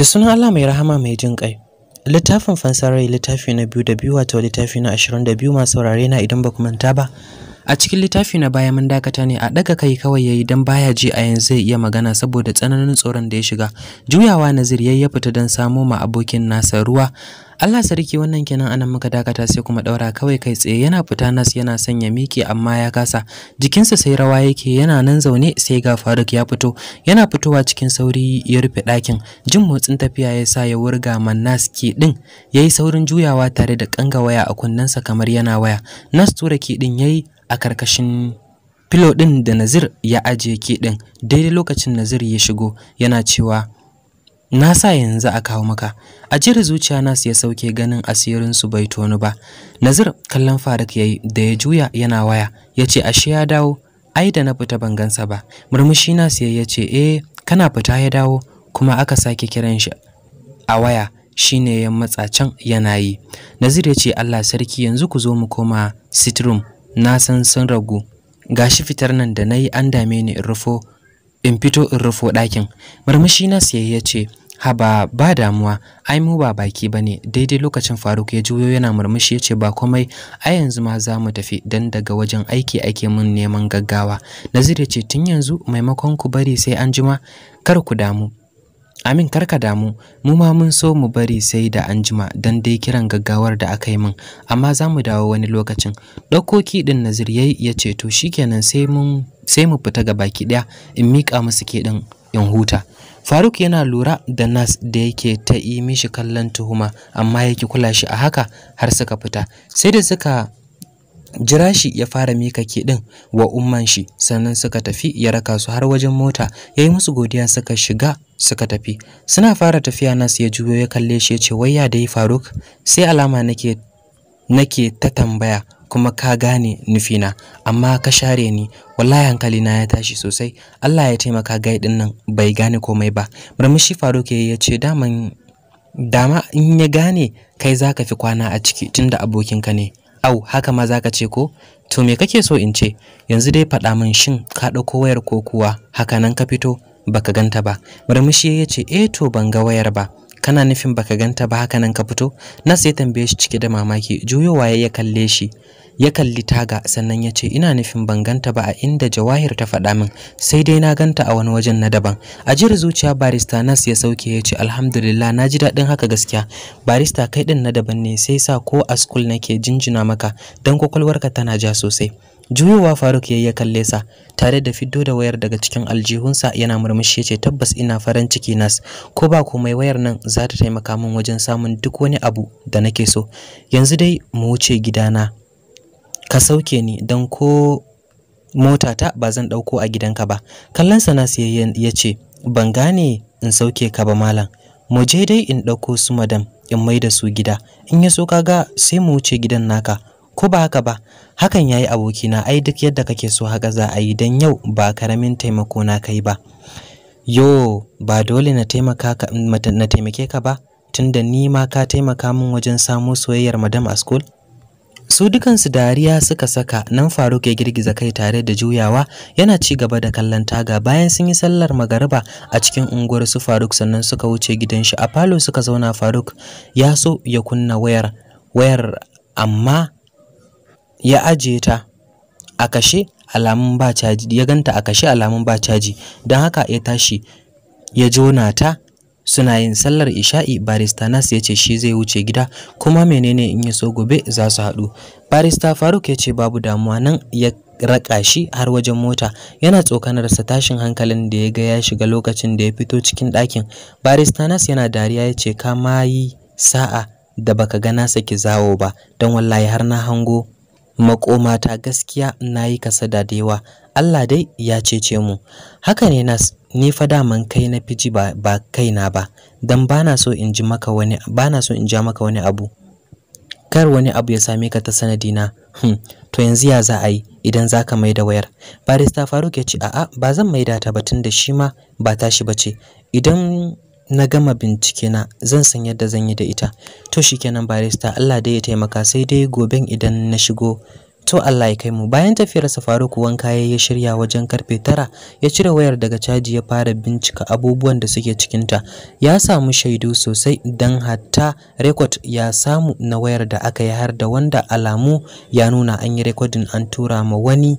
da sunan Allah mai rahama mai jin ƙai littafin fansarai littafi na biyu da biyu wato littafi na ashirin biyu masu saurare na idan ba ku manta ba a cikin littafi na baya mun dakata ne a daga kai kawai yayi dan baya ji a yanzu zai iya magana saboda tsananin tsoron da ya shiga juyawa nazir yayi ya fita dan samo ma abokin nasa ruwa Allah sarki wannan kenan anan muka dakata sai kuma daura kawai kai tsaye yana fita nas yana sanya miki amma ya kasa jikinsa sai rawa yake yana nan zaune sai ga Faruk ya fito yana fitowa cikin sauri ya rufe ɗakin jin motsin tafiya ya sa ya wurga man nas ki din yayi saurin juyawa tare da kanga waya a kunnensa kamar yana waya nas tura ki din yayi a karkashin filo ɗin da Nazir ya ajiye ke ɗin, daidai lokacin Nazir ya shigo yana cewa na sa yanzu a kawo maka a jira zuciya nasu ya sauke ganin asirin su bai tonu ba Nazir kallon Faruk yayi da ya juya yana waya ya yace ashe ya dawo ai da na fita ban gansa ba murmushi nasu ya ce, eh kana fita ya dawo kuma aka sake kiran shi a waya shine ya matsa can yana yi Nazir ya ce Allah sarki yanzu ku zo mu koma sitrum na san sun ragu gashi fitar nan da nayi an dame ni in rufo in fito in rufo ɗakin murmushi na siye ya ce haba ba damuwa ai mu ba baki bane daidai lokacin Faruk ya juyo yana murmushi ce ba komai ai yanzu ma za mu tafi dan daga wajen aiki ake mun neman gaggawa Nazir ce tun yanzu maimakon ku bari sai an jima kar ku damu Amin karka damu, mu ma mun so mu bari sai da anjima dan dai kiran gaggawar da aka yi min, amma za mu dawo wani lokacin. Ɗauko kiɗin Nazir ya ya ce to shikenan sai mun sai mu fita ga baki ɗaya in mika musu kiɗin in huta. Faruk yana lura da Nas da yake ta yi mishi kallon tuhuma amma yake kula shi a haka har suka fita. Sai da suka jira shi ya fara mika kiɗin wa umman shi sannan suka tafi ya raka su har wajen mota ya yi musu godiya suka shiga suka tafi suna fara tafiya nasu ya juyo ya kalle shi ya ce wai ya dai faruk sai alama nake nake ta tambaya kuma ka gane nufina amma ka share ni wallahi hankali na ya tashi sosai Allah ya taimaka gai din nan bai gane komai ba murmushi Faruk ya ce daman dama in ya gane kai zaka fi kwana a ciki tunda abokinka ne Au, haka ma zaka ce ko? To me kake so in ce? Yanzu dai faɗa min shin ka ɗauko wayar ko kuwa haka nan ka fito baka ganta ba. Murmushi ya ce eh to ban ga wayar ba. Kana nufin baka ganta ba haka nan ka fito? Na sai tambaye shi cike da mamaki. Juyowa ya kalle shi. ya kalli taga sannan ya ce ina nufin ban ganta ba a inda jawahir ta faɗa min sai dai na ganta a wani wajen na daban A ajiyar zuciya barista nas ya sauke ya ce alhamdulillah na ji daɗin haka gaskiya barista kai ɗin na daban ne sai sa ko a school nake jinjina maka don kwakwalwarka tana ja sosai juyowa faruk ya ya kalle sa tare da fiddo da wayar daga cikin aljihunsa yana murmushi ya ce tabbas ina farin ciki nas ko ba mai wayar nan za ta taimaka min wajen samun duk wani abu da nake so yanzu dai mu wuce gidana ka sauke ni don ko motata ba zan ɗauko a gidanka ba kallon sa sanas ya ce ban gane in sauke ka ba malam mu je dai in ɗauko su madam in mai da su gida in ya so kaga sai mu wuce gidan naka ko ba haka ba hakan yayi abokina ai duk yadda kake so haka za a yi dan yau ba karamin taimako na kai ba yo ba dole na taimaka na taimake ka ba tunda ni ma ka taimaka min wajen samo soyayyar madam a school su dukansu dariya suka saka nan faruk ya girgiza kai tare da juyawa yana ci gaba da kallon taga bayan sun yi sallar magariba a cikin unguwar su faruk sannan suka wuce gidan shi a falo suka zauna faruk ya so ya kunna wayar wayar amma ya ajiye ta a kashe alamun ba caji ya ganta a kashe alamun ba caji don haka ya tashi ya jona ta suna yin sallar isha'i barista nas ya ce shi zai wuce gida kuma menene in ya so gobe za su haɗu barista faruk ya ce babu damuwa nan ya raƙa shi har wajen mota yana tsokanarsa tashin hankalin da ya ga ya shiga lokacin da ya fito cikin ɗakin barista nas yana dariya ya ce ka ma yi sa'a da baka ga nasa saki zawo ba don wallahi har na hango makomata gaskiya na yi kasada da yawa Allah dai ya cece mu haka ne nas ni fa daman kai na fiji ba, ba kaina ba dan bana so in ji maka wani bana so in ja maka wani abu kar wani abu ya same ka ta sanadina hmm. to yanzu ya za a yi idan za ka da wayar barista faruk ya ce a'a ba zan da ta ba tun da shi ma ba tashi ba ce idan na gama bincike na zan san yadda zan yi da ita to shikenan barista Allah dai ya taimaka sai dai goben idan na shigo to Allah ya kai mu bayan tafiyar sa Faruk wanka ya shirya wajen karfe tara, ya cire wayar daga caji ya fara bincika abubuwan da suke cikin ta ya samu shaidu sosai dan hatta record ya samu na wayar da aka yi har da wanda alamu ya nuna an yi recording an tura ma wani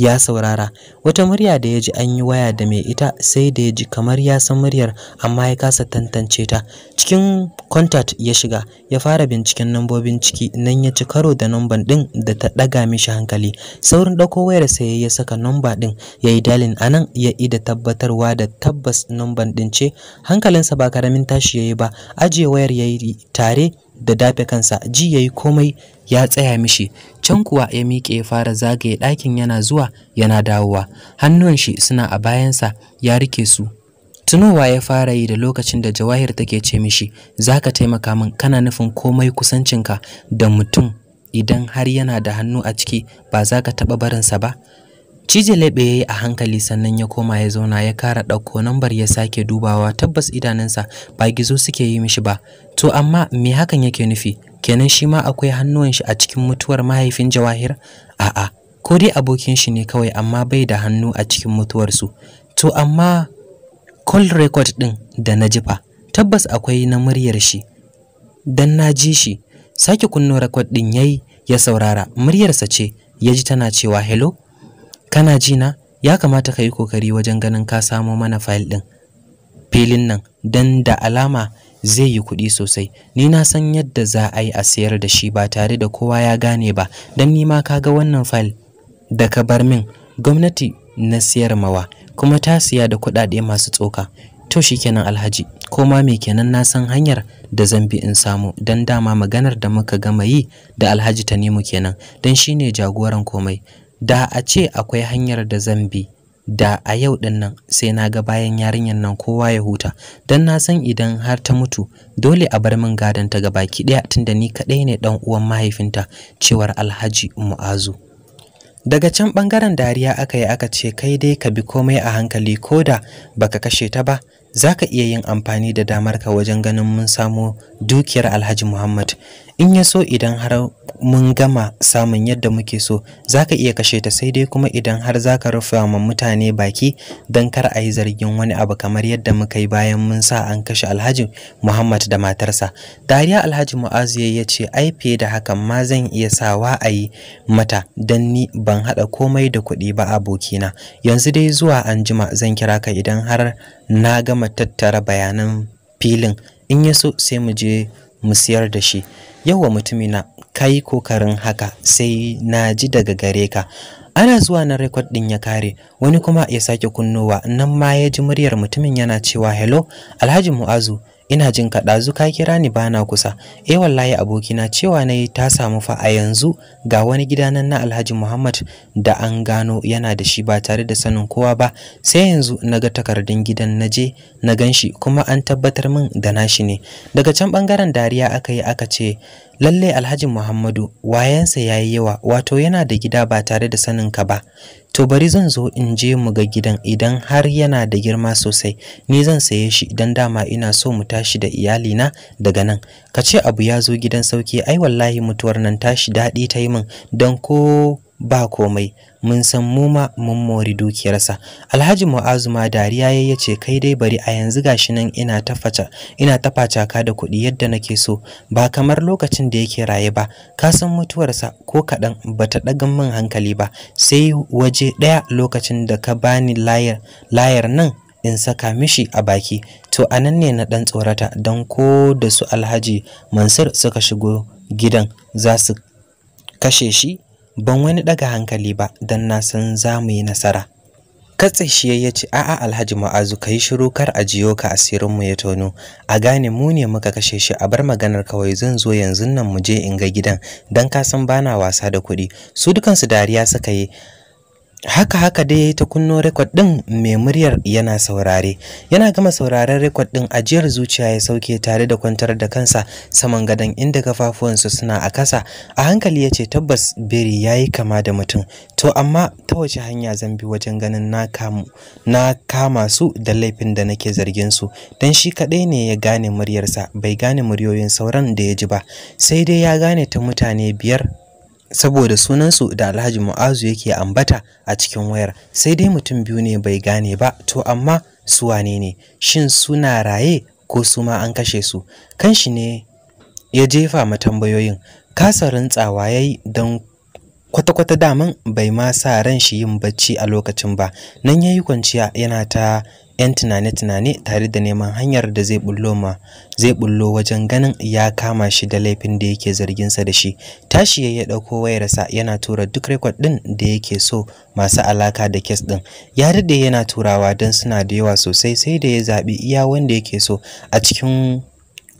ya saurara wata murya da ya ji an yi waya da mai ita sai da ya ji kamar ya san muryar amma ya kasa tantance ta cikin contact ya shiga ya fara binciken nambobin ciki nan ya ci karo da namban din da ta daga mishi hankali saurin dauko wayar sai ya saka namba din ya yi dalin anan ya ida tabbatarwa da tabbas namban din ce hankalinsa ba karamin tashi ya yi ba ajiye wayar ya yi tare da dafe kansa ji yayi komai ya tsaya mishi can kuwa ya miƙe ya fara zagaye ɗakin yana zuwa yana dawowa hannuwan shi suna a bayansa ya rike su tunowa ya fara yi da lokacin da jawahir take ce mishi zaka taimaka min kana nufin komai kusancinka da mutum idan har yana da hannu a ciki ba za ka taɓa barinsa ba Cije leɓe ya yi a hankali sannan ya koma ya zauna ya kara ɗauko nambar ya sake dubawa tabbas idanunsa ba gizo suke yi mishi ba. To amma me hakan yake nufi? Kenan shi ma akwai hannuwan shi a cikin mutuwar mahaifin Jawahir? A'a, ko dai abokin shi ne kawai amma bai da hannu a cikin mutuwarsu. To amma call record ɗin da na jifa tabbas akwai na muryar shi. Dan na ji shi, sake kunno record ɗin yayi ya saurara muryarsa ce ya ji tana cewa hello kana ji na ya kamata ka yi kokari wajen ganin ka samo mana fayil ɗin filin nan Dan da alama zai yi kuɗi sosai ni na san yadda za a yi a sayar da shi ba tare da kowa ya gane ba don ni ma ka ga wannan fayil da ka bar min gwamnati na siyar mawa kuma ta siya da kuɗaɗe masu tsoka to shikenan alhaji ko ma me kenan na san hanyar da zan bi in samu Dan dama maganar da muka gama yi da alhaji ta tanimu kenan don shine jagoran komai da a ce akwai hanyar da zan bi da a yau din nan sai na ga bayan yarinyar nan kowa ya huta don na san idan har ta mutu dole a bar min gadon ta ga baki ɗaya tunda ni kaɗai ne ɗan uwan mahaifinta cewar alhaji mu'azu daga can ɓangaren dariya aka yi aka ce kai dai ka bi komai a hankali ko da baka kashe ta ba za ka iya yin amfani da damar ka wajen ganin mun samo dukiyar alhaji muhammad in ya so idan har mun gama samun yadda muke so zaka iya kashe ta sai dai kuma idan har zaka rufa ma mutane baki dan kar a yi zargin wani abu kamar yadda muka yi bayan mun sa an kashe Alhaji Muhammad da matarsa Dariya Alhaji Mu'azu ya ce ai fiye da hakan ma zan iya sawa a yi mata dan ni ban haɗa komai da kuɗi ba abokina yanzu dai zuwa anjima zan kira ka idan har na gama tattara bayanan filin in ya so sai mu je mu siyar da shi yawa mutumina ka yi kokarin haka sai na ji daga gare ka ana zuwa na rekod ɗin ya kare wani kuma ya sake kunnowa nan ma ya ji muryar mutumin yana cewa hello alhaji mu'azu ina jin ka ka kira ni bana kusa eh wallahi abokina cewa nayi ta samu fa a yanzu ga wani gida na Alhaji Muhammad da an gano yana da shi ba tare da sanin kowa ba sai yanzu naga takardun gidan naje na ganshi kuma an tabbatar min da nashi ne daga can bangaren dariya aka yi aka ce lalle Alhaji Muhammadu wayansa yayi yawa wato yana da gida ba tare da sanin ka ba to bari zan zo in je mu ga gidan idan har yana da girma sosai ni zan saye shi idan dama ina so mu tashi da iyali na daga nan ka ce abu ya zo gidan sauki ai wallahi mutuwar nan tashi daɗi ta yi min don ko ba komai mun san mu ma mun mori dukiyarsa alhaji mu'azu ma dariya ya ce kai dai bari a yanzu gashi nan ina tafaca ina tafacaka da kuɗi yadda nake so ba kamar lokacin da yake raye ba ka san mutuwarsa ko kaɗan bata ɗagan min hankali ba sai waje ɗaya lokacin da ka bani layar layar nan in saka mishi a baki to a nan ne na ɗan tsorata don ko da su alhaji mansur suka shigo gidan za su kashe shi ban wani daga hankali ba don na san za mu yi nasara katse shi ya ce a'a alhaji ma'azu ka yi shiru kar a jiyo ka asirinmu ya tono a gane mu ne muka kashe shi a bar maganar kawai zan zo yanzu nan mu je in ga gidan don ka san bana wasa da kuɗi su dukansu dariya suka yi haka haka dai yi ta kunno rekod din mai muryar yana saurare yana gama sauraren rekod din ajiyar zuciya ya sauke tare da kwantar da kansa saman gadon inda kafafuwansu suna a kasa a hankali ya ce tabbas biri yayi kama da mutum to amma ta wace hanya zan bi wajen ganin na kamu na kama su da laifin da nake zargin su dan shi kaɗai ne ya gane muryarsa bai gane muryoyin sauran da ya ji ba sai dai ya gane ta mutane biyar saboda sunansu da Alhaji Mu'azu yake ambata a cikin wayar sai dai mutum biyu ne bai gane ba to amma su wane ne shin suna raye ko su ma an kashe su kanshi ne ya jefa ma tambayoyin kasa rantsawa yayi don kwata-kwata daman bai ma sa ran shi yin bacci a lokacin ba nan ya yi kwanciya yana ta yan tunane-tunane tare da neman hanyar da zai bullo ma zai bullo wajen ganin ya kama shi da laifin da yake zarginsa da shi tashi ya ɗauko wayarsa yana tura duk rekod ɗin da yake so masu alaka da kes ɗin ya daɗe yana turawa don suna da yawa sosai sai da ya zaɓi iya wanda yake so a cikin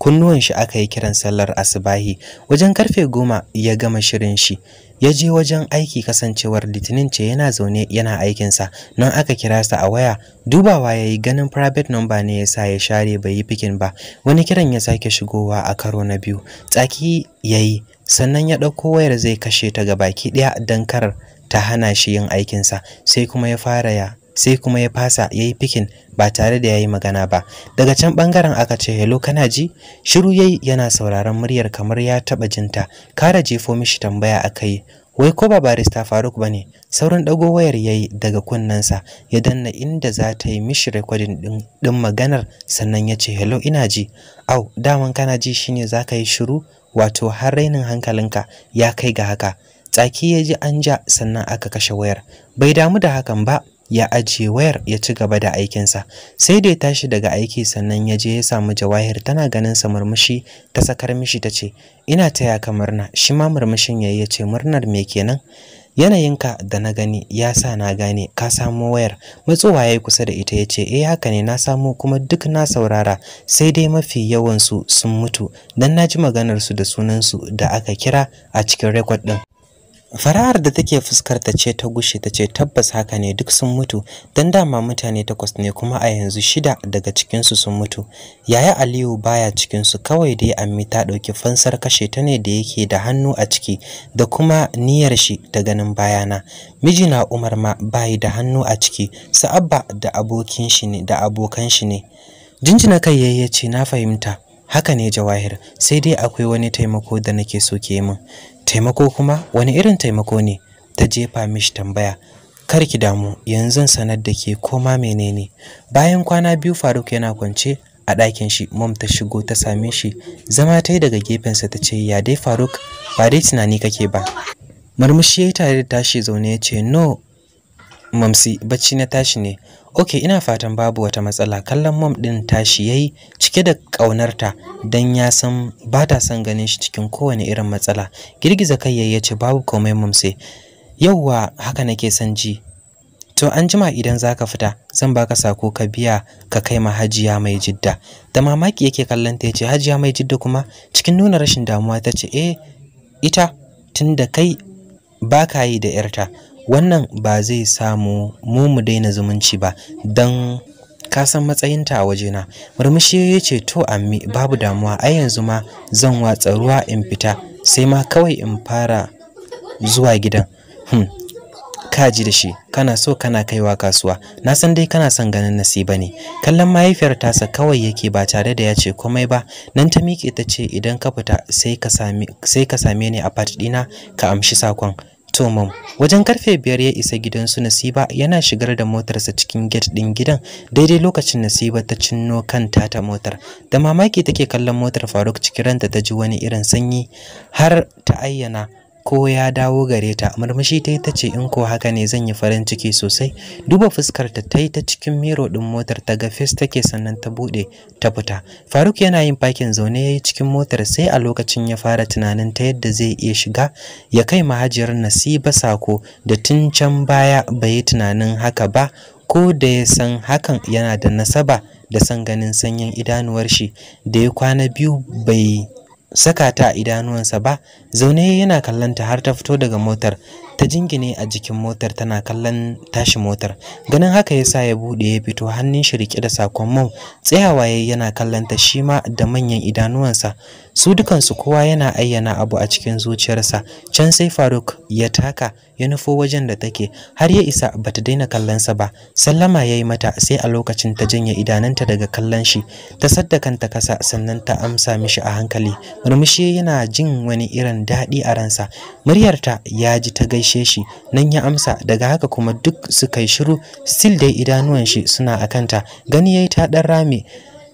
kunnuwan shi aka yi kiran sallar asubahi wajen karfe goma ya gama shirin shi ya je wajen aiki kasancewar litinin ce yana zaune yana aikinsa nan aka kira sa a waya dubawa ya yi ganin private number ne ya sa ya share bai yi fikin ba wani kiran ya sake shigowa a karo na biyu tsaki ya yi sannan ya ɗauko wayar zai kashe ta ga baki ɗaya don kar ta hana shi yin aikinsa sai kuma ya fara ya sai kuma ya fasa ya yi fikin ba tare da ya yi magana ba daga can bangaren aka ce hello kana ji shiru yayi yana sauraron muryar kamar ya taba jinta kara jefo mishi tambaya aka yi wai ko ba barista faruk ba ne saurin ɗago wayar ya yi daga sa, ya danna inda za ta yi mishi rekodin ɗin maganar sannan ya ce hello ina ji au daman kana ji shine za ka yi shiru wato har rainin hankalinka ya kai ga haka tsaki ya ji an ja sannan aka kashe wayar bai damu da hakan ba ya ajiye wayar ya ci gaba da aikinsa sai da tashi daga aiki sannan ya je ya samu jawahir tana ganin sa murmushi ta sakar mishi ta ce ina taya ka murna shi ma murmushin yayi ya ce murnar me kenan yanayinka da na gani ya sa na gane ka samo wayar matsowa yayi kusa da ita ya ce eh haka ne na samo kuma duk na saurara sai dai mafi yawansu sun mutu dan na ji maganarsu da sunansu da aka kira a cikin rekod ɗin Farar da take fuskarta ce ta gushe ta ce tabbas haka ne duk sun mutu dan dama mutane takwas ne kuma a yanzu shida daga cikinsu sun mutu yaya aliyu baya cikinsu kawai dai ammi ta ɗauki fansar kashe ta ne da yake da hannu a ciki da kuma niyyar shi ta ganin bayana mijina umar ma bayi da hannu a ciki sa'abba da abokin shi ne da abokan shi ne jinjina kai yayyace na fahimta haka ne jawahir sai dai akwai wani taimako da nake so ke min taimako kuma wani irin taimako ne ta jefa mishi tambaya kar ki damu yanzu sanar da ke koma menene bayan kwana biyu faruk yana kwance a ɗakin shi mom ta shigo ta same shi zama ta yi daga gefensa ta ce ya dai faruk ba dai tunani kake ba murmushi ya yi tare da tashi zaune ya ce no mamsi bacci na tashi ne Ok, ina fatan babu wata matsala. Kallon mom ɗin tashi yayi cike da ƙaunarta don ya san ba ta son ganin shi cikin kowane irin matsala. Girgiza kai yayi ya ce babu komai mom sai. Yauwa haka nake son ji. To an jima idan zaka fita zan baka sako ka biya ka kai ma Hajiya mai jidda. Da mamaki yake kallon ta yace Hajiya mai jidda kuma cikin nuna rashin damuwa ta ce eh ita tunda kai baka yi da yarta wannan ba zai samu mu mu daina zumunci ba don ka san matsayinta a wajena murmushi ya ce to ammi babu damuwa ai yanzu ma zan watsa ruwa in fita sai ma kawai in fara zuwa gidan hmm. ka ji da shi kana so kana kaiwa kasuwa na san dai kana son ganin nasiba ne kallon mahaifiyar tasa kawai yake ba tare da ya ce komai ba nan ta miƙe ta ce idan ka fita sai ka same ni a part ɗina ka amshi sakon tomom wajen karfe biyar ya isa gidansu Nasiba yana shigar da motarsa cikin gate din gidan daidai lokacin Nasiba ta cinno kanta ta motar. Da mamaki take kallon motar Faruk cikin ranta ta ji wani irin sanyi har ta ayyana ko ya dawo gare ta murmushi ta yi ce in ko haka ne zan yi farin ciki sosai duba fuskar ta ta ta cikin miro din motar ta ga fes take sannan ta bude ta fita faruk yana yin fakin zaune ya yi cikin motar sai a lokacin ya fara tunanin ta yadda zai iya shiga ya kai mahajiyar nasiba sako da tun can baya bai yi tunanin haka ba ko da ya san hakan yana da nasaba da san ganin sanyin idanuwar shi da ya kwana biyu bai saka ta a idanuwansa ba zaune yana kallonta har ta fito daga motar ta jingine a jikin motar tana kallon tashi motar ganin haka yasa ya bude ya fito hannun shi rike da sakon tsayawa yayi yana kallon ta shi ma da manyan idanuwansa su dukansu kowa yana ayyana abu a cikin zuciyarsa can sai Faruk ya taka ya nufo wajen da take har ya isa bata daina kallon sa ba sallama yayi mata sai a lokacin ta janye idananta daga kallon shi ta sadda kanta kasa sannan ta amsa mishi a hankali murmushi yana jin wani irin daɗi a ransa muryarta ya ji ta gaishe gaishe shi nan ya amsa daga haka kuma duk suka yi shiru still dai idanuwan shi suna akanta gani yayi ta dan rame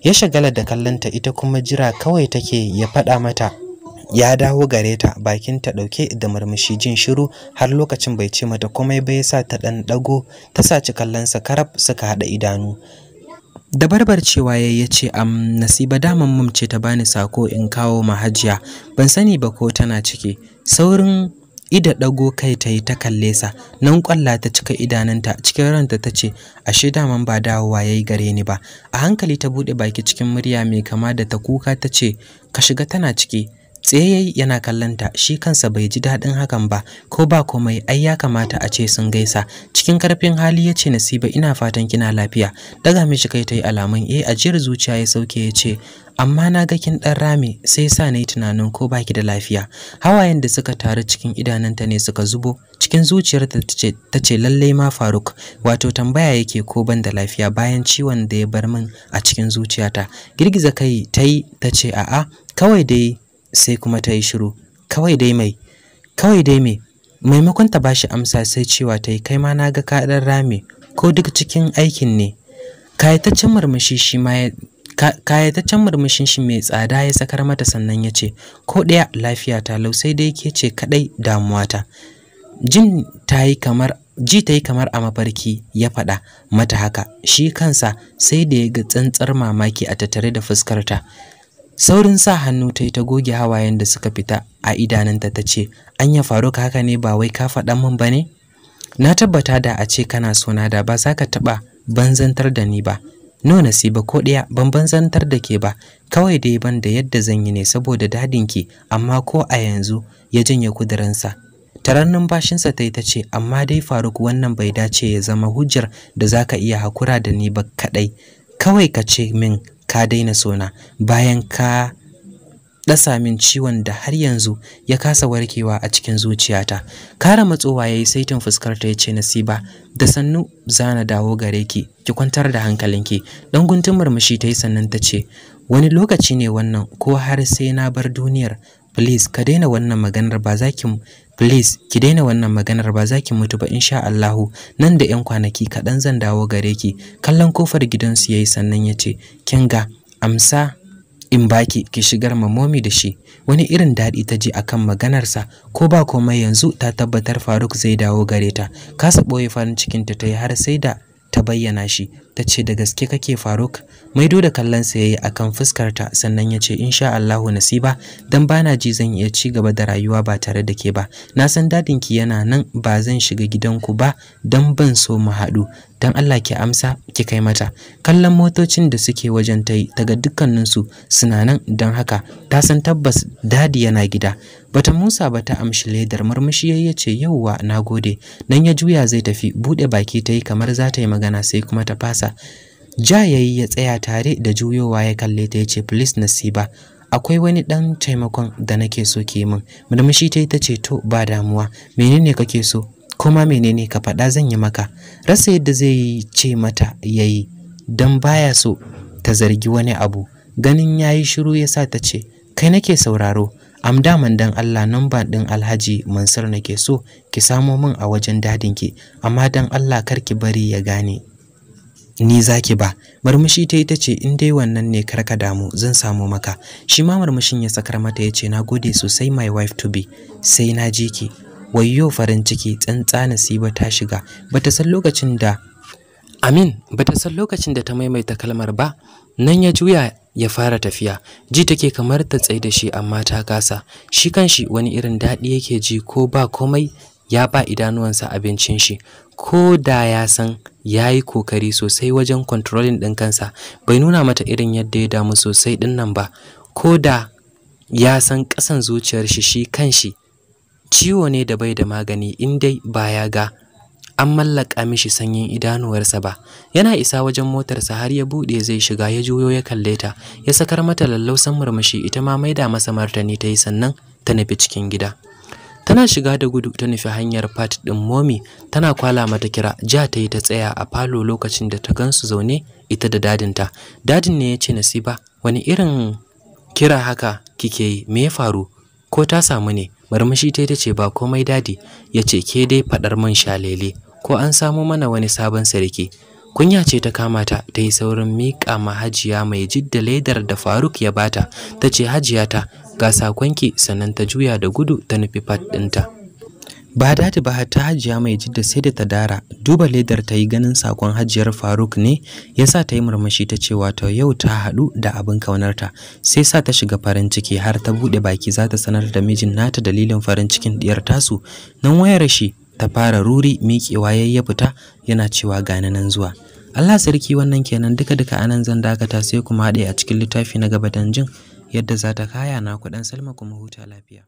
ya shagala da kallanta ita kuma jira kawai take ya faɗa mata ya dawo gare ta bakin ta dauke da murmushi jin shiru har lokacin bai ce mata komai ba yasa ta dan dago ta saci kallansa karab suka hada idanu da barbar cewa ya ce am nasiba daman mum ce ta bani sako in kawo mahajiya ban sani ba ko tana ciki saurin ida ɗago kai ta yi ta kalle sa nan kwalla ta cika idananta cikin ranta ta ce ashe daman ba dawowa yayi yi gare ni ba a hankali ta buɗe baki cikin murya mai kama da ta kuka ta ce ka shiga tana ciki tsaye yana kallonta shi kansa bai ji daɗin hakan ba ko ba komai ai ya kamata a ce sun gaisa cikin karfin hali ya ce nasiba ina fatan kina lafiya daga mishi kai ta yi alamun eh ajiyar zuciya ya sauke ya ce amma na ga kin dan rame sai sa nayi tunanin ko baki da lafiya hawayen da suka taru cikin idananta ne suka zubo cikin zuciyarta tace tace lalle ma Faruk wato tambaya yake ko ban da lafiya bayan ciwon da ya bar min a cikin zuciyata girgiza kai tayi tace a'a kawai dai sai kuma tayi shiru kawai dai mai kawai dai mai maimakon ta bashi amsa sai cewa tayi kai ma na ga ka dan rame ko duk cikin aikin ne kayataccen murmushi shi ma kayataccen murmushin shi mai tsada ya sakar mata sannan ya ce ko ɗaya lafiya ta lau sai dai ke ce kaɗai damuwata jin ta kamar ji ta yi kamar a mafarki ya faɗa mata haka shi kansa sai da ya ga tsantsar mamaki a tattare da fuskarta saurin sa hannu ta yi ta goge hawayen da suka fita a idanunta ta ce an ya faru ka haka ne ba wai ka faɗa min ba ne na tabbata da a ce kana sona da ba za ka taɓa banzantar da ni ba no nasiba ko ɗaya ban zantar da ke ba kawai dai ban da yadda zan yi ne saboda dadin ki, amma ko a yanzu ya janye kudirinsa Tarannun bashinsa ta yi ta ce amma dai faruk wannan bai dace ya zama hujjar da za ka iya hakura da ni ba kaɗai kawai ka ce min ka daina sona bayan ka Ɗasa min ciwon da har yanzu ya kasa warkewa a cikin zuciyata kara matsowa yayi saitin fuskar ta ce nasiba da sannu zana dawo gare ki ki kwantar da hankalinki dan guntun murmushi ta yi sannan ta ce wani lokaci ne wannan ko har sai na bar duniyar please ka daina wannan maganar ba za ki please ki daina wannan maganar ba za ki mutu ba insha Allahu nan da yan kwanaki kaɗan zan dawo gare ki kallon kofar gidansu yayi sannan ya ce kinga amsa in baki ki shigar mamomi da shi wani irin daɗi ta ji akan maganarsa ko ba komai yanzu ta tabbatar Faruk zai dawo gare ta kasa ɓoye farin cikin ta tayi har sai da ta bayyana shi ta ce da gaske kake Faruk maido da kallon sa yayi akan fuskarta sannan ya ce insha Allahu nasiba dan bana ji zan iya ci gaba da rayuwa ba tare da ke ba na san dadin ki yana nan ba zan shiga gidanku ba dan ban so mu haɗu dan Allah ki amsa ki kai mata kallon motocin da suke wajen tai daga su suna nan dan haka ta san tabbas dadi yana gida bata Musa bata amshi ledar murmushi yayi yace yauwa nagode nan ya juya zai tafi bude baki tai kamar za ta yi magana sai kuma ta fasa masa ja yayi ya tsaya tare da juyowa ya kalle ta yace please nasiba akwai wani dan taimakon da nake so ke min murmushi ta ita ce to ba damuwa menene kake so kuma menene ka faɗa zan yi maka rasa yadda zai ce mata yayi dan baya so ta zargi wani abu ganin yayi shiru yasa ta ce kai nake sauraro am daman dan Allah namba din Alhaji Mansur nake so ki samo min a wajen dadinki amma dan Allah kar ki bari ya gane ni zaki ba murmushi ta ita in dai wannan ne karka damu zan samu maka shi ma marmushin ya sakar mata ya ce gode sosai my wife to be sai na ji ki wayyo farin ciki tsantsa nasiba ta shiga bata san lokacin da amin bata san lokacin da ta maimaita kalmar ba nan ya juya ya fara tafiya ji take kamar ta tsaye da shi amma ta kasa shi kanshi wani irin daɗi yake ji ko ba komai ya ba idanuwansa abincin shi ko da ya san ya yi kokari sosai wajen controlling ɗin kansa bai nuna mata irin yadda ya damu sosai ɗin nan ba ko da ya san ƙasan zuciyar shi shi kan shi ciwo ne da bai da magani in dai ba ya ga an mallaka mishi sanyin idanuwarsa ba yana isa wajen motarsa har ya buɗe zai shiga ya juyo ya kalle ta ya sakar mata lallausan murmushi ita ma maida masa martani ta yi sannan ta nufi cikin gida tana shiga da gudu ta nufi hanyar fat din momi tana kwala mata kira ja ta yi ta tsaya a falo lokacin da ta gansu zaune ita da dadinta dadin ne ya ce nasiba wani irin kira haka kike yi me ya faru ko ta samu ne marmashi ta ta ce ba komai dadi ya ce ke dai faɗar man shalele ko an samo mana wani sabon sarki kunya ce ta kama ta ta yi saurin miƙa mahajiya mai jidda ledar da faruk ya bata ta ce hajiya ta ga sakonki sannan ta juya da gudu ta nufi fat ɗinta ba ta ba ta hajiya mai jidda sai da ta dara duba ledar ta yi ganin sakon hajiyar faruk ne ya sa ta yi murmushi ta ce wato yau ta haɗu da abin kaunarta sai sa ta shiga farin ciki har ta buɗe baki za ta sanar da mijin nata dalilin farin cikin ɗiyar tasu nan wayar shi ta fara ruri miƙewa yayi ya fita yana cewa gani nan zuwa Allah sarki wannan kenan duka-duka anan zan dakata sai kuma haɗe a cikin littafi na gaba jin yadda za ta kaya na kuɗan Salma kuma huta lafiya.